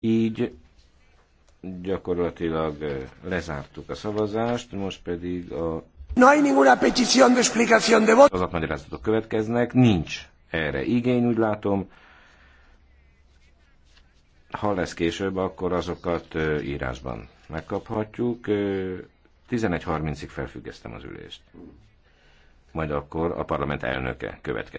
Így gyakorlatilag lezártuk a szavazást, most pedig a... No hay ninguna petición de explicación de voto. magyarázatok következnek, nincs erre igény, úgy látom. Ha lesz később, akkor azokat írásban megkaphatjuk. 11.30-ig felfüggesztem az ülést. Majd akkor a parlament elnöke következik.